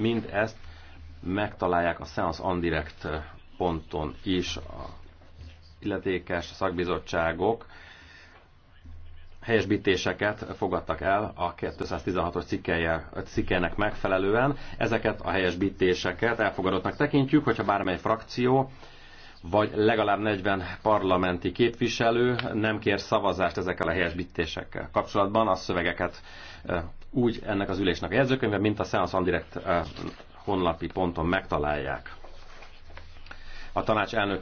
Mind ezt megtalálják a Seance Andirect ponton is a illetékes szakbizottságok helyesbítéseket fogadtak el a 216-os cikkelnek megfelelően. Ezeket a helyesbítéseket elfogadottnak tekintjük, hogyha bármely frakció vagy legalább 40 parlamenti képviselő nem kér szavazást ezekkel a helyesbítésekkel kapcsolatban, a szövegeket eh, úgy ennek az ülésnek a jegyzőkönyve, mint a Seance on Direct eh, honlapi ponton megtalálják. A tanács elnök